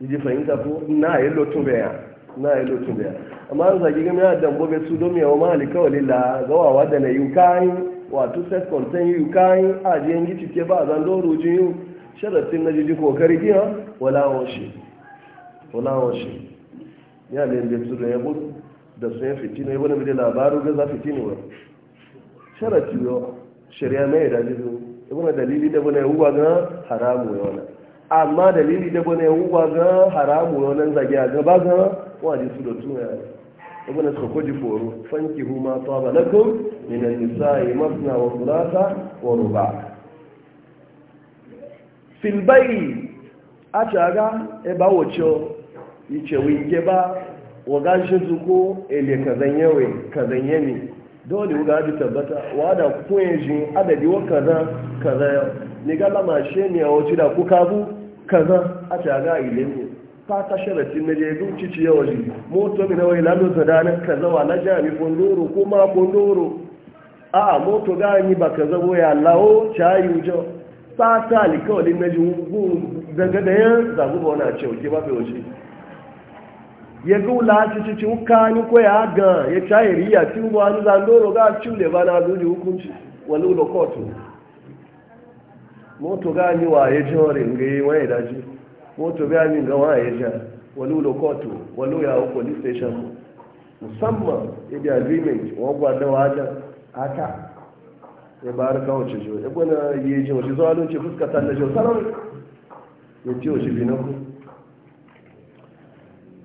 ji fahimta ko na yi lotun bayan na yi lokacin da amma an zagi game da dambo bai su don yawon mahali kawai la gawawa da na yi kayan wato self contain yi je ajiyan gici ke ba a zan doro jin yi sharatin na jiji kokari gina wala washe wala washe ya ne da su da ya bu da su ya fiti ne wani mai labaru ga za fiti ne wa sharati yo shari'a mai da jizo ibn dalili da wani yahuwa ga haramu ya wani amma dalili da bane wuwa ga haramu wannan zage a gaba ga waje su da tuna suka sakoji foro fanki huma na kun min an-nisa'i masna wa thulatha wa ruba fil a achaga e ba wocho ice wike ba wa gashin su ko e ele kazanyewe kazanyemi dole wuga ji tabbata wa da kuyen jin adadi wa kaza kaza ne ga lama shene a wuce da kuka kaza a caga ilimi ka ta sharatin na jeju cici waje ji moto mina wai lalo zadanin kaza wa na jami kondoro kuma ma kondoro a moto gani ba kaza bo ya lawo cayu jo ta ta alikawalin na jiwu daga da yan zagu ba wani a ce oke ba bai waje ya ga la ci ci ka ni ko ya ga ya cayi riya ci wani zandoro ga le ba na zuji hukunci wani ulo kotu moto gani wa ya ji hore nga yi wani daji moto gani ga wani ya ji walu lokoto walu ya wa police station musamman idi agreement wani gwada wajen aka ya e bayar kawo ce jo ya e gwana yi ji wace zuwa lunce fuska ta na jo sanar ya ce wace bi na ku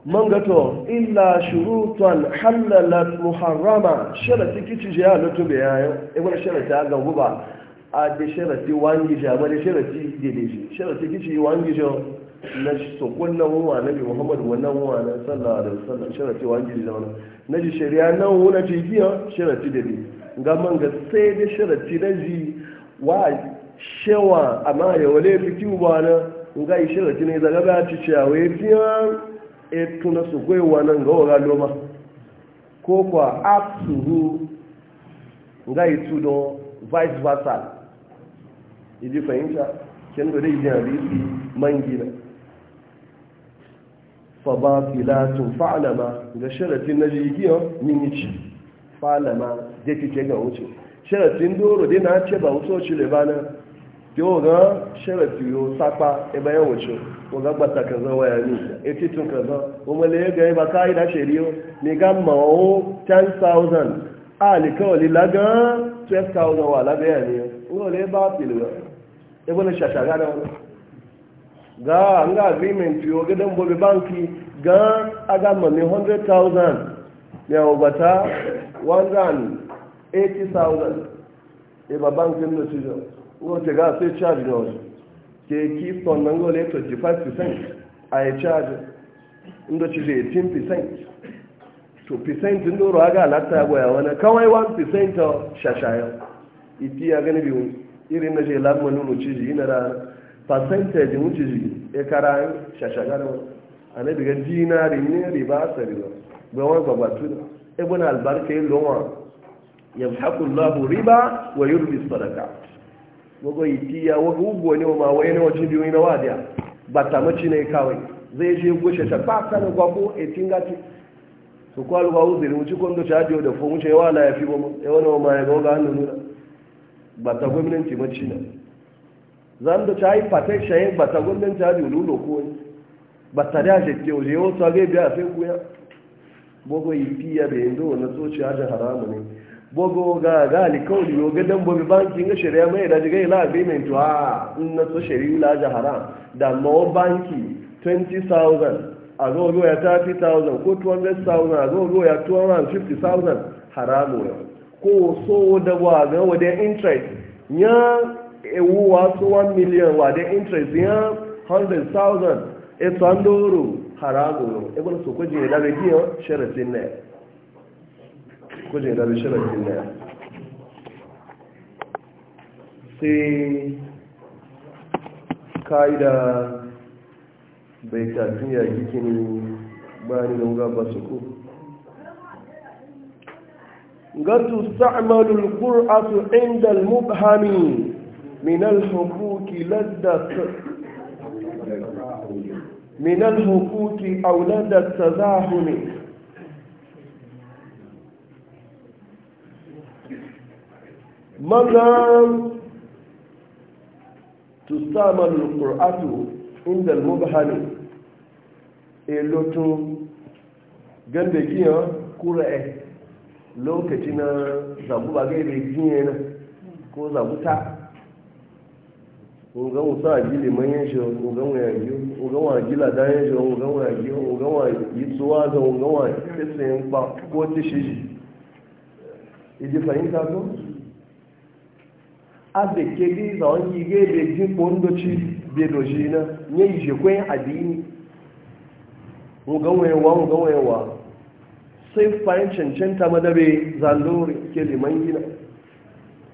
man gato illa shurutan halalat muharrama shala tikici ya lutu bayan ya gwana e shala ta ga guba a da sharati wangi jama da sharati da ne shi sharati kici wangi jo na sokon nan wa nabi muhammad wannan wa na sallallahu alaihi wasallam sharati wangi da wannan na ji shari'a nan wuna ce kiya sharati da ne ga man ga sai da sharati da ji wa shewa amma ya wale fiti ba na ga yi sharati ne daga ba ci ciyawa ya biya? e tuna su kwai wannan ga wa loma ko kwa absuhu ga yi tudon vice versa idi fahimta kin da rijin hadisi man gina fa ba filatun fa'alama ga sharafin na jigiya oh, min ci fa'alama da kike ga wuce sharatin doro dai na ce ba wuce ci lebana yau ga sharafi yau sapa e bayan wuce ko ga bata kan zawa ya ni e titun kan zawa kuma le ga e ba ka yi na da yau. ne oh. ga mawo 10000 ali kawali laga 12000 wala bayani ngole ba pilu ebe na shashara da wani ga an ga agreement yo gidan bobe banki ga aga mami 100,000 ya obata 180,000 eba bankin da su jau wace ga sai charge na wasu ke ki son nan gole 25% a yi e charge inda ci 18% to percent din doro aga alatta goya wani kawai 1% shashayar itiya ya gani biyu irin na shi lagmanu no ciji ina da percentage mu ciji e kara shashaga a na daga dinari ne riba tsari ba ba wani babatu da ibn e albarka yin e ya yamhaku labu riba wa yurbi sadaka gogo itiya wa gugu ne ma wani ne wacin biyu na wadiya bata mace ne kawai zai je gushe ta ba kana gwabo e a tingati su kwalwa ba uzuri mu ci kondo ta ajiyo da fo mu na ya fi mu wani ma ya ga hannun nuna bata gwamnanci mace na zan da ta yi fatan shayin bata gwamnanci a jiru loko ne ta da shi ke oje yau ta biya a sai kuya bogo yi fiya da yanzu wani soci hajji haramu ne bogo ga gali alikauli yau ga dan bobi banki na shari'a mai da jiga ila agreement wa in na so shari'a la hajji haram da mawa banki 20,000 a zo ya 30,000 ko 200,000 a zo ya 250,000 haramu yau ko da wa ga wa da interest ya ewu wa so 1 million wa da interest ya 100,000 e to andoro harago e bana so ko je da be giyo sharatin ne ko da be sharatin ne sai kaida bai tafiya gikini ba ni da ba su ku ga tusta'malu al-qur'atu 'inda al-mubhami min al-huquqi ladda من الحقوق أو لدى التزاحم مدام تستعمل القرآن عند المبهم إلوتو جنبكي قرأة lokaci na zabu ba bai jiye na ko zagu ta ungan wasu a gili manyan shi ogan wa yagi ogan wa gila dayan shi ogan wa yagi ogan wa yi tsuwa da ogan wa yin ba ko ti shi shi idi fahimta ko a da ke bi za wani gaibe jin kondoci bedo doshi na ne yi shi a dini? ungan wa yawa ogan wa yawa sai fayin cancanta madabe zandori ke liman gina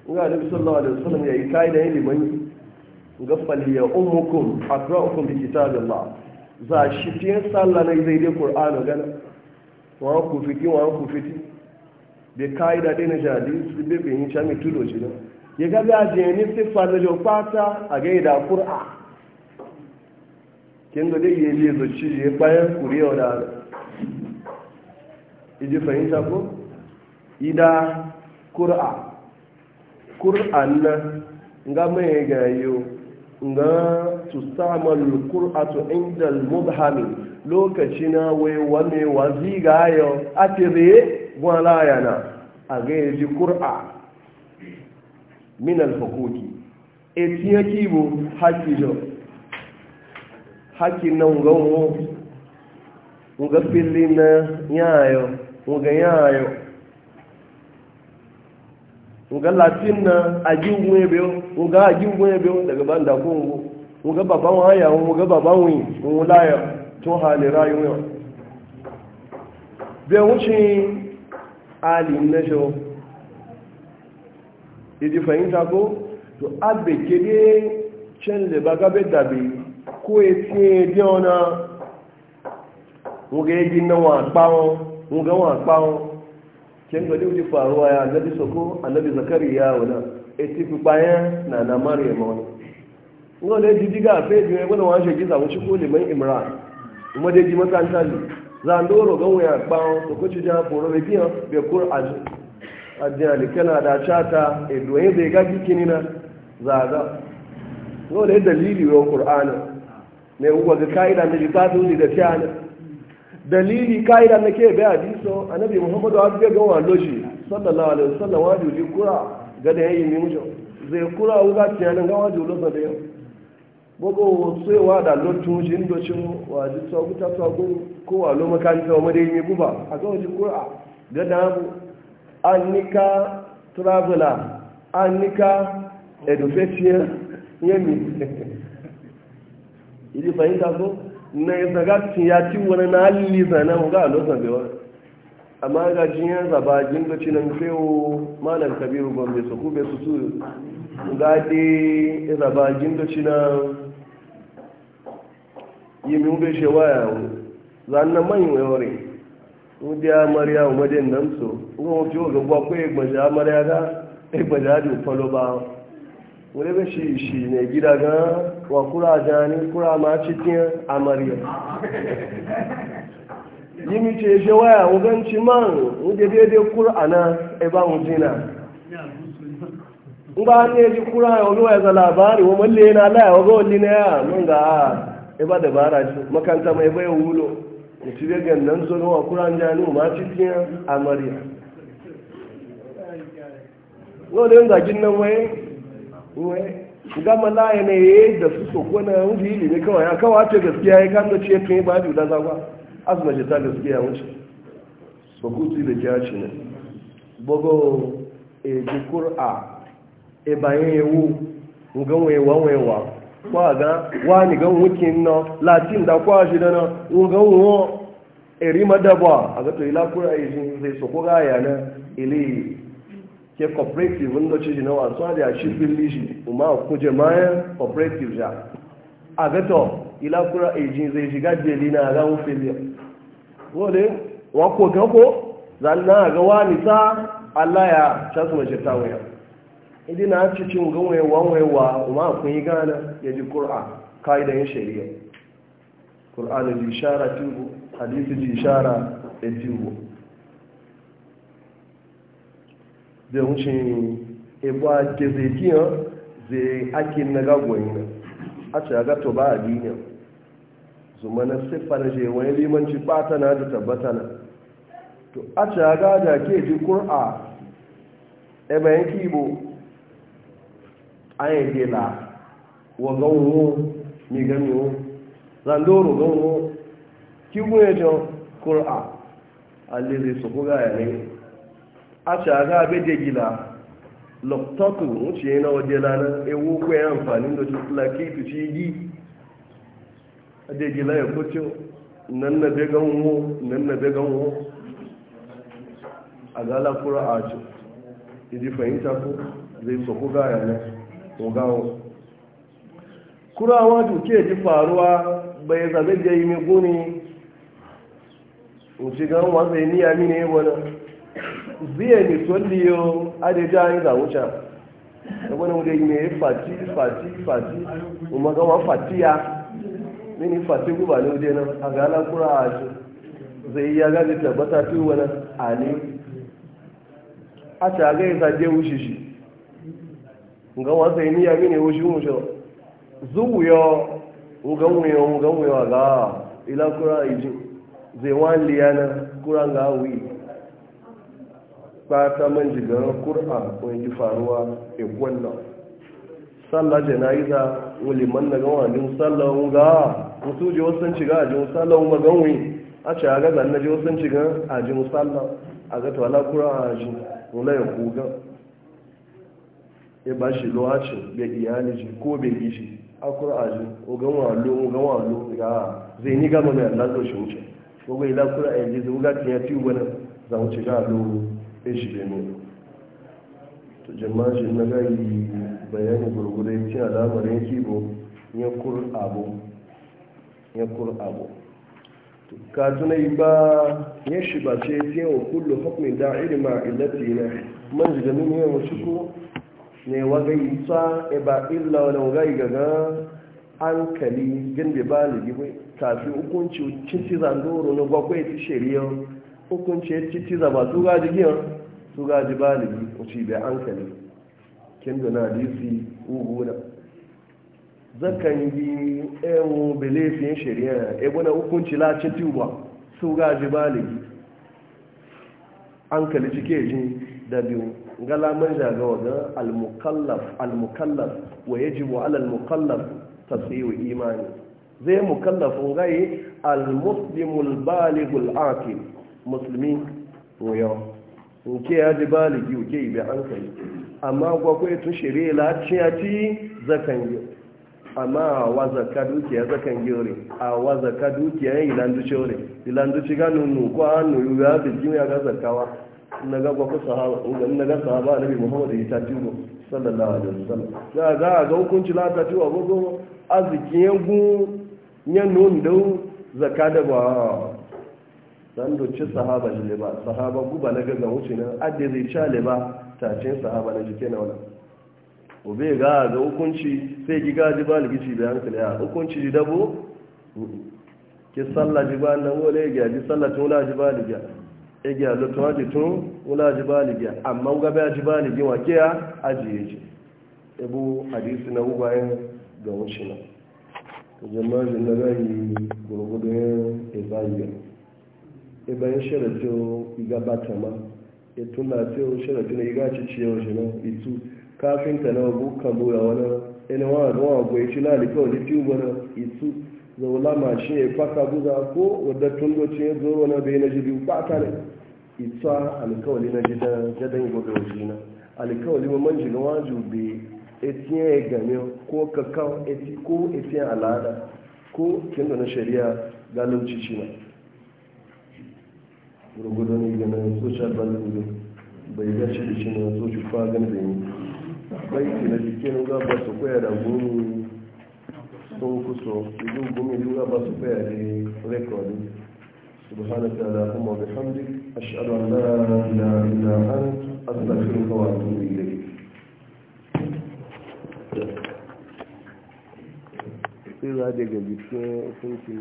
ga da sallallahu alaihi wasallam ya yi kai da liman kura ukun ummukum kita da kitabillah za shi fiye sallah na zai dai qur'ano gana wa ku fiki wa ku fiti be kai da dai na jadi su be yi can chami tudo shi da ya ga ga je ni sai fara jo pata a ga da qur'a kin da dai yi zo ci ya bayan kuriyo da iji fahimta ko ida kur'a kur'an nga mai gayo nga tusamal kur'atu inda mubhami lokaci na wai wane wazi gayo a tire gwala yana a ga yaji kur'a min alfakoki kibo haki jo haki na ngongo nga filin nga nga latin na aji webe nga aji webe daga banda kongo nga baba wa ya nga baba wi nga ya to hali rayu yo be wuci ali nejo idi fahimta ko to abe kede chen baga be dabi ko etie di nga yi e na wa pa mu ga wa kpawo kin ga duk faruwa ya annabi soko annabi zakariya wala e ti fi bayan na na maryam wala ngo le di diga fe ju e wala wa shi giza mu shi ko liman imran kuma dai ji makaranta ne za ndoro ga waya kpawo to ko ci ja foro be biya be qur'an adina likana da chata e doye be ga bikinina za ga ngo le dalili wa qur'ana ne uwa ga kaida ne ji ta da fiyana dalili ka'ida na ke bai hadiso annabi muhammadu abu ga gawa loji sallallahu alaihi wasallam waju ji kura ga da yayi mi mujo zai kura uga tiyan ga waju lo sa da yau bogo sai wa da lotun jin do cin waji so guta so gu ko wa lo makanta wa dai mi guba a ga ji kura ga da mu annika traveler annika edufetian yemi ili fahimta ko na ya zaga cin ya ci wani na halli zana mu ga a losan bai wani amma ga jin ya zaba jin da ci nan fewo malam kabiru gombe su kube su su ga de ya zaba jin da ci nan yi min bai shewa ya wu zannan man yi wani wuri ya mariya wa madin nan so kuma wafi wa gagwa ko ya gbaje a mariya ga ya gbaje a duk falo ba wani bai shi shi ne gida ga wa kura jani kura ma cikin amarya yi mi ce ṣe waya wuganci man wuge daidai kura na eba wujina ngba ni eji kura ya waya ya labari wa malle na laya wa ga wali na ya mun ga a eba da bara ji makanta mai bai wulo mutu bai gannan zo wa kura jani ma cikin amarya Wọ́n lè ń gàjí náà wẹ́ wẹ́. gama laye ne eh, da su so ko na wuce yi ne kawai aka wace gaskiya ya kan ce tun yi ba biyu da zagwa azuma ce ta gaskiya wuce so kuti da kya ci ne bogo e ji kur'a e bayan yawo ngan wewa wewa kwa ga wani gan wukin na latin da kwa shi da na ngan wo eri madaba a ga to ila kur'a yi zai so ko ga ya na ile ke cooperative ndoci ji na wasu a da shi fili shi kuma kuje mayan cooperative ja a ila kura eji zai shiga jeli na ga mu fili wole wa ko ga ko zanna ga wani sa Allah ya chasu mace ta waya idin na ci cin ga waya wa waya wa kuma kun yi gana ya ji qur'an kaidan shari'a qur'an ji ishara tubu hadisi ji ishara tubu zai wuce ebuwa ke zai kiyan zai ake na gagwani na a ce ga to ba a duniya zuma na siffa na je wani limanci batana da tabbatana to a ce ga da ke ji kur'a e bayan kibo a yi gela wa gawo mi gami wo zandoro gawo kibo jan kur'a a lere su kuga ya ne a shaga abin da gila loktoku wuce na waje na ewu kwa ya amfani da shi laki tu ci ya kuce na daga wo nan na daga wo a gala kura a ce idi fahimta ko zai ya na ne ko gawo kurawa duke ji faruwa bai zabe da yi mai guni wuce gan wasa yi niya mini ziye ne tolliyo adeja yin zawuca da wani wuri ne fati fati fati kuma fatiya mini fati guba ne wuri nan kura a shi zai ya gaji tabbata wani ali a shaga ya zaje wuce shi gawa sai niya mini wuce zuwuyo nganwuyo nganwuyo ga ila kura iji zai wani liyana kura ɓata man jigaran ƙura wani ji faruwa a gwanna sallah jana'iza wuli man na gawa jin sallah ga mutu ji wasan ciga a jin sallah ma ganwe a ce a gaza na ji wasan ciga a jin sallah a ga tawala ƙura a ji wula ya kuga ya ba shi lokacin bai iyali ji ko bai gishi a ƙura a ji oganwa lo oganwa lo ga zai ni gama mai allah zo shi wuce ko ga ila ƙura a yanzu ga tiya tiyo wani zan wuce ga lo ejibe ne to jama'ashin na gari bayani gurgurai cin alamarin kibo ya kur abu ya kur abu ka tunai ba ya shi ba ce tiyan wa kullu hukumin da ilima illati na man jiga min yin wasu ko ne waga yi sa e ba illa wani waga yi gaga an kali gindi ba ligi tafi hukunci cin ci zandoro na gwakwai ti shari'a hukunce titi zaba su gaji giyar su gaji balibi uci bai hankali kin da na disi ugu na zakan yi ewu eh, belefin shari'a ebuna eh, hukunci lacin tuba su gaji balibi hankali cike jin da biyu galaman jagawa ga al-mukallaf al-mukallaf wa yajibu ala al-mukallaf tasiyu imani zai mukallafin gai al-muslimul balighul aqil musulmi wuyo nke ya ji baligi uke ibe kai amma gwakwai tun shirye ci zakan yi amma wa ka dukiya zakan yi a wa ka dukiya yin ilanduci ori ilanduci ganu nuku kwa hannu ya bilgin ya ga zarkawa na ga gwakwai sahaba na bi muhammad ya tafi mu sallallahu alaihi wasallam za ga ga hukunci lata ci wa arzikin azikin yagun yan nun da zaka da ba zan doci sahaba shi ba sahaba guba na gaza wuce nan adda zai le ba ce sahaba na jike na wani obe ga ga hukunci sai ga ji ba ligici bai hankali a hukunci ji dabo ki salla ji ba nan wala ya gyaji salla tun wula ji ba ligya ya gya lotuwa ji tun wula ji ba ligya amma gaba ya ji ba ji. wa kiya ajiye ji ibu hadisi na guba yin ga wuce na jama'a jin na gani gurgudun ibayyar e bayan sharafin iga ba ta ma ya tuna iga ci ciyar shi e nan itu na wabu kan wani yana wani ruwa goyi ci lalika wani wani itu zaula ma shi ya faka buza ko wadda tun doci ya zo wani bai na jibi ba ne itu alkawali na gidan gadon gobe wajen na alkawali ma man jiga waju ko kakau eti e ko etiyan al'ada ko kendo na shari'a galauci ci gurgudu ne ga nan social bai ga da shi na so shi fagen da yi bai ki na jikin ga ba su kwaya da gumi sun kuso ilu gumi ilu ba su kwaya da rekodin سبحانك اللهم وبحمدك أشهد أن لا إله إلا أنت أستغفرك وأتوب إليك sai daga